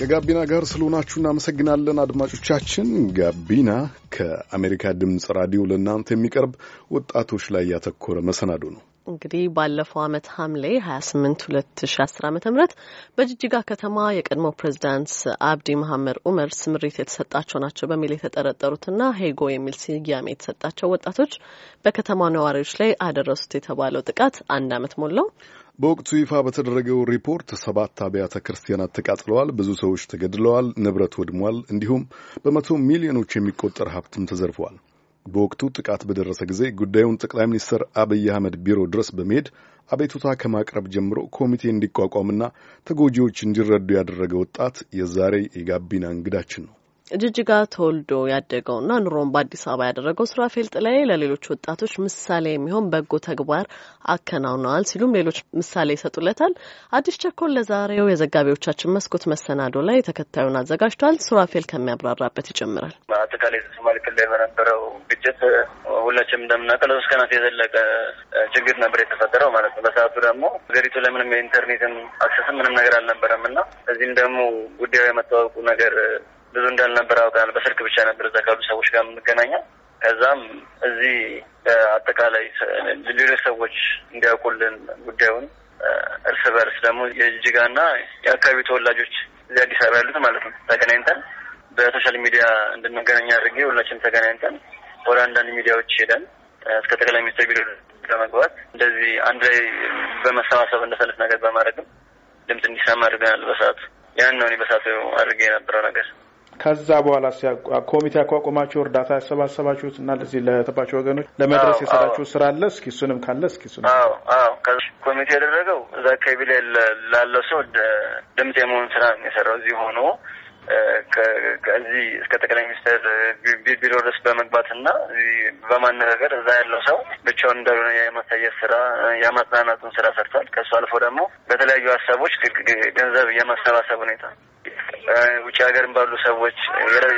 ከጋቢና ጋር ስለሆናችሁ እናመሰግናለን አድማጮቻችን። ጋቢና ከአሜሪካ ድምፅ ራዲዮ ለእናንተ የሚቀርብ ወጣቶች ላይ ያተኮረ መሰናዶ ነው። እንግዲህ ባለፈው ዓመት ሐምሌ 28 2010 ዓ ም በጅጅጋ ከተማ የቀድሞ ፕሬዚዳንት አብዲ መሐመድ ኡመር ስምሪት የተሰጣቸው ናቸው በሚል የተጠረጠሩትና ሄጎ የሚል ስያሜ የተሰጣቸው ወጣቶች በከተማ ነዋሪዎች ላይ አደረሱት የተባለው ጥቃት አንድ አመት ሞላው። በወቅቱ ይፋ በተደረገው ሪፖርት ሰባት አብያተ ክርስቲያናት ተቃጥለዋል፣ ብዙ ሰዎች ተገድለዋል፣ ንብረት ወድሟል፣ እንዲሁም በመቶ ሚሊዮኖች የሚቆጠር ሀብትም ተዘርፏል። በወቅቱ ጥቃት በደረሰ ጊዜ ጉዳዩን ጠቅላይ ሚኒስትር አብይ አህመድ ቢሮ ድረስ በመሄድ አቤቱታ ከማቅረብ ጀምሮ ኮሚቴ እንዲቋቋምና ተጎጂዎች እንዲረዱ ያደረገ ወጣት የዛሬ የጋቢና እንግዳችን ነው። ጅጅጋ ተወልዶ ያደገውና ኑሮን በአዲስ አበባ ያደረገው ስራፌል ጥላዬ ለሌሎች ወጣቶች ምሳሌ የሚሆን በጎ ተግባር አከናውነዋል ሲሉም ሌሎች ምሳሌ ይሰጡለታል። አዲስ ቸኮል ለዛሬው የዘጋቢዎቻችን መስኮት መሰናዶ ላይ ተከታዩን አዘጋጅቷል። ስራፌል ከሚያብራራበት ይጀምራል። በአጠቃላይ ሶማሌ ክልል በነበረው ግጭት ሁላችንም እንደምናውቀው ለሶስት ቀናት የዘለቀ ችግር ነበር የተፈጠረው ማለት ነው። በሰዓቱ ደግሞ ሀገሪቱ ለምንም የኢንተርኔትም አክሰስም ምንም ነገር አልነበረም እና እዚህም ደግሞ ጉዳዩ የመታወቁ ነገር ብዙ እንዳልነበር አውቃል። በስልክ ብቻ ነበር እዛ ካሉ ሰዎች ጋር የምንገናኘው። ከዛም እዚህ አጠቃላይ ሌሎች ሰዎች እንዲያውቁልን ጉዳዩን እርስ በርስ ደግሞ የጅጅጋና የአካባቢ ተወላጆች እዚህ አዲስ አበባ ያሉት ማለት ነው ተገናኝተን በሶሻል ሚዲያ እንድንገናኝ አድርጌ ሁላችንም ተገናኝተን ወደ አንዳንድ ሚዲያዎች ሄደን እስከ ጠቅላይ ሚኒስትር ቢሮ ለመግባት እንደዚህ አንድ ላይ በመሰባሰብ እንደሰለት ነገር በማድረግም ድምፅ እንዲሰማ አድርገናል። በሰዓቱ ያን ነው እኔ በሰዓቱ አድርጌ የነበረው ነገር ከዛ በኋላ ኮሚቴ አቋቁማችሁ እርዳታ ያሰባሰባችሁት እና ለዚህ ለተባቸው ወገኖች ለመድረስ የሰራችሁ ስራ አለ? እስኪ እሱንም ካለ እስኪ እሱ ኮሚቴ ያደረገው እዛ አካባቢ ላይ ላለው ሰው ድምጽ የመሆን ስራ የሰራው እዚህ ሆኖ ከዚህ እስከ ጠቅላይ ሚኒስትር ቢሮ ድረስ በመግባት እና በማነጋገር እዛ ያለው ሰው ብቻውን እንዳልሆነ የማሳየት ስራ የማጽናናቱን ስራ ሰርቷል። ከሱ አልፎ ደግሞ በተለያዩ ሀሳቦች ገንዘብ የማሰባሰብ ሁኔታ ውጭ ሀገርም ባሉ ሰዎች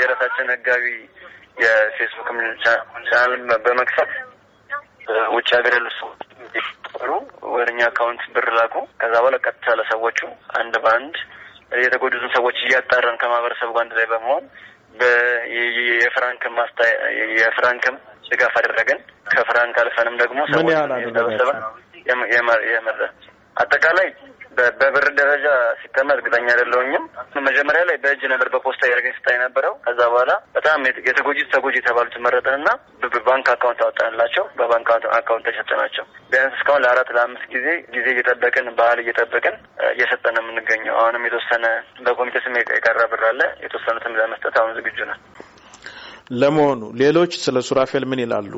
የራሳችን ህጋዊ የፌስቡክ ቻናል በመክፈት ውጭ ሀገር ያሉ ሰዎች ሩ ወደ እኛ አካውንት ብር ላኩ። ከዛ በኋላ ቀጥታ ለሰዎቹ አንድ በአንድ የተጎዱትን ሰዎች እያጣራን ከማህበረሰቡ አንድ ላይ በመሆን የፍራንክም የፍራንክም ድጋፍ አደረገን። ከፍራንክ አልፈንም ደግሞ ሰዎች ሰበሰበን የመረ አጠቃላይ በብር ደረጃ ሲተማ እርግጠኛ አይደለሁኝም። መጀመሪያ ላይ በእጅ ነበር በፖስታ ያደረገኝ ስታይ ነበረው። ከዛ በኋላ በጣም የተጎጂ ተጎጂ የተባሉት መረጠን ባንክ በባንክ አካውንት አወጣንላቸው። በባንክ አካውንት ተሸጠናቸው። ቢያንስ እስካሁን ለአራት ለአምስት ጊዜ ጊዜ እየጠበቅን ባህል እየጠበቅን እየሰጠን ነው የምንገኘው። አሁንም የተወሰነ በኮሚቴ ስም የቀረ ብር አለ። የተወሰኑትም ለመስጠት አሁን ዝግጁ ነን። ለመሆኑ ሌሎች ስለ ሱራፌል ምን ይላሉ?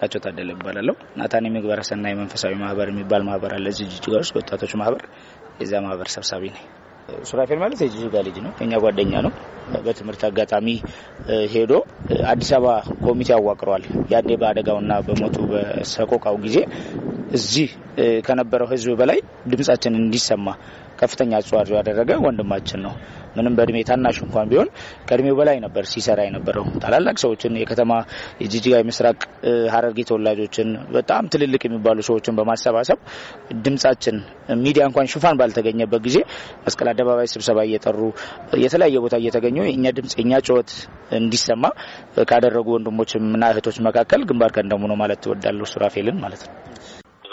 ጌታቸው ታደለ ይባላለሁ። ናታን የምግባረ ሰናይ መንፈሳዊ ማህበር የሚባል ማህበር አለ እዚህ ጅጅጋ ውስጥ ወጣቶች ማህበር፣ የዛ ማህበር ሰብሳቢ ነኝ። ሱራፌል ማለት የጅጅጋ ልጅ ነው፣ የኛ ጓደኛ ነው። በትምህርት አጋጣሚ ሄዶ አዲስ አበባ ኮሚቴ አዋቅሯል። ያኔ በአደጋውና በሞቱ በሰቆቃው ጊዜ እዚህ ከነበረው ህዝብ በላይ ድምጻችን እንዲሰማ ከፍተኛ አስተዋጽኦ ያደረገ ወንድማችን ነው። ምንም በእድሜ ታናሽ እንኳን ቢሆን ከእድሜው በላይ ነበር ሲሰራ የነበረው። ታላላቅ ሰዎችን የከተማ የጂጂጋ ምስራቅ ሀረርጌ ተወላጆችን በጣም ትልልቅ የሚባሉ ሰዎችን በማሰባሰብ ድምጻችን ሚዲያ እንኳን ሽፋን ባልተገኘበት ጊዜ መስቀል አደባባይ ስብሰባ እየጠሩ የተለያየ ቦታ እየተገኙ የእኛ ድምጽ የእኛ ጩኸት እንዲሰማ ካደረጉ ወንድሞችና እህቶች መካከል ግንባር ቀደሙ ነው ማለት ትወዳለሁ። ሱራፌልን ማለት ነው።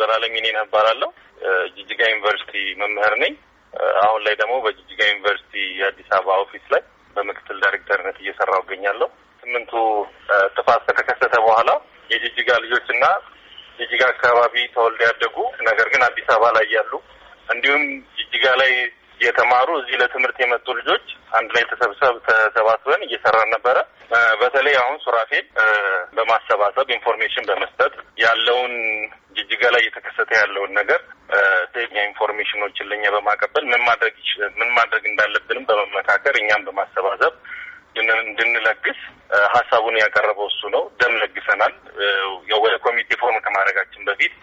ዘላለም ይኔና እባላለሁ። ጅጅጋ ዩኒቨርሲቲ መምህር ነኝ። አሁን ላይ ደግሞ በጅጅጋ ዩኒቨርሲቲ የአዲስ አበባ ኦፊስ ላይ በምክትል ዳይሬክተርነት እየሰራሁ እገኛለሁ። ስምንቱ ጥፋት ከተከሰተ በኋላ የጅጅጋ ልጆች እና ጅጅጋ አካባቢ ተወልደ ያደጉ ነገር ግን አዲስ አበባ ላይ ያሉ እንዲሁም ጅጅጋ ላይ የተማሩ እዚህ ለትምህርት የመጡ ልጆች አንድ ላይ ተሰብሰብ ተሰባስበን እየሰራን ነበረ። በተለይ አሁን ሱራፌል በማሰባሰብ ኢንፎርሜሽን በመስጠት ያለውን ጅጅጋ ላይ እየተከሰተ ያለውን ነገር ትኛ ኢንፎርሜሽኖችን ለእኛ በማቀበል ምን ማድረግ ምን ማድረግ እንዳለብንም በመመካከር እኛም በማሰባሰብ እንድንለግስ ሀሳቡን ያቀረበው እሱ ነው። ደም ለግሰናል። ወደ ኮሚቴ ፎርም ከማድረጋችን በፊት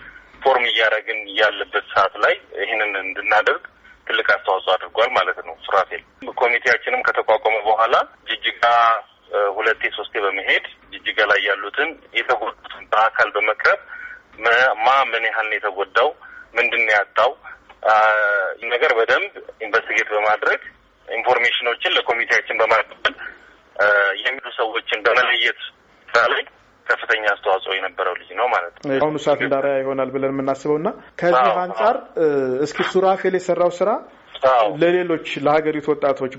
ፎርም እያደረግን ያለበት ሰዓት ላይ ይህንን እንድናደርግ ትልቅ አስተዋጽኦ አድርጓል ማለት ነው። ሱራፌል ኮሚቴያችንም ከተቋቋመ በኋላ ጅጅጋ ሁለቴ ሶስቴ በመሄድ ጅጅጋ ላይ ያሉትን የተጎዱትን በአካል በመቅረብ ማ ምን ያህል ነው የተጎዳው፣ ምንድን ነው ያጣው ነገር በደንብ ኢንቨስቲጌት በማድረግ ኢንፎርሜሽኖችን ለኮሚቴያችን በማቀበል የሚሉ ሰዎችን በመለየት ስራ ላይ ከፍተኛ አስተዋጽኦ የነበረው ልጅ ነው ማለት ነው። አሁኑ ሰዓት እንዳሪያ ይሆናል ብለን የምናስበው እና ከዚህ አንጻር እስኪ ሱራፌል የሰራው ስራ ለሌሎች ለሀገሪቱ ወጣቶች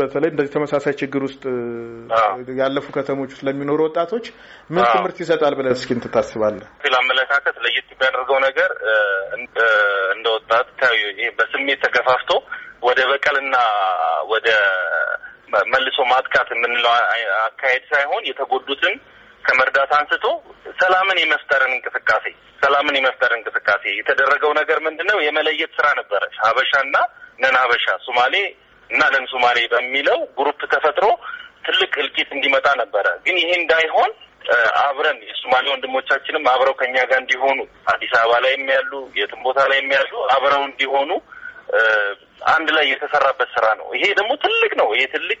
በተለይ እንደዚህ ተመሳሳይ ችግር ውስጥ ያለፉ ከተሞች ውስጥ ለሚኖሩ ወጣቶች ምን ትምህርት ይሰጣል ብለህ እስኪ እንትን ታስባለህ? አመለካከት ለየት የሚያደርገው ነገር እንደ ወጣት በስሜት ተገፋፍቶ ወደ በቀልና ወደ መልሶ ማጥቃት የምንለው አካሄድ ሳይሆን የተጎዱትን ከመርዳት አንስቶ ሰላምን የመፍጠርን እንቅስቃሴ ሰላምን የመፍጠር እንቅስቃሴ የተደረገው ነገር ምንድን ነው? የመለየት ስራ ነበረ። ሀበሻና ነን ሀበሻ ሱማሌ እና ነን ሱማሌ በሚለው ግሩፕ ተፈጥሮ ትልቅ እልቂት እንዲመጣ ነበረ። ግን ይሄ እንዳይሆን አብረን የሱማሌ ወንድሞቻችንም አብረው ከኛ ጋር እንዲሆኑ አዲስ አበባ ላይም ያሉ የትም ቦታ ላይም ያሉ አብረው እንዲሆኑ አንድ ላይ የተሰራበት ስራ ነው። ይሄ ደግሞ ትልቅ ነው። ይሄ ትልቅ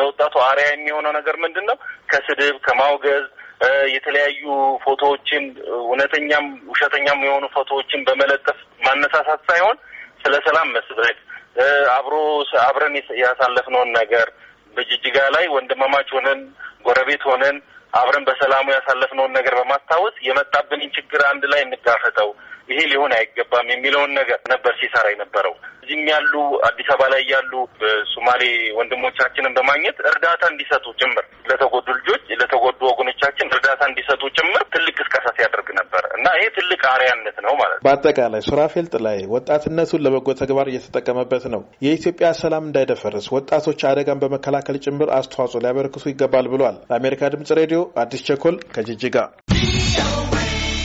ለወጣቱ አሪያ የሚሆነው ነገር ምንድን ነው? ከስድብ ከማውገዝ የተለያዩ ፎቶዎችን እውነተኛም ውሸተኛም የሆኑ ፎቶዎችን በመለጠፍ ማነሳሳት ሳይሆን ስለ ሰላም መስበክ አብሮ አብረን ያሳለፍነውን ነገር በጅጅጋ ላይ ወንድማማች ሆነን ጎረቤት ሆነን አብረን በሰላሙ ያሳለፍነውን ነገር በማስታወስ የመጣብንን ችግር አንድ ላይ እንጋፈጠው ይሄ ሊሆን አይገባም የሚለውን ነገር ነበር ሲሰራ የነበረው። እዚህም ያሉ አዲስ አበባ ላይ ያሉ ሶማሌ ወንድሞቻችንን በማግኘት እርዳታ እንዲሰጡ ጭምር ለተጎዱ ልጆች፣ ለተጎዱ ወገኖቻችን እርዳታ እንዲሰጡ ጭምር ትልቅ ቅስቀሳ ሲያደርግ ነበር እና ይሄ ትልቅ አርያነት ነው ማለት ነው። በአጠቃላይ ሱራፌል ላይ ወጣትነቱን ለበጎ ተግባር እየተጠቀመበት ነው። የኢትዮጵያ ሰላም እንዳይደፈርስ ወጣቶች አደጋን በመከላከል ጭምር አስተዋጽኦ ሊያበረክቱ ይገባል ብሏል። ለአሜሪካ ድምጽ ሬዲዮ አዲስ ቸኮል ከጅጅጋ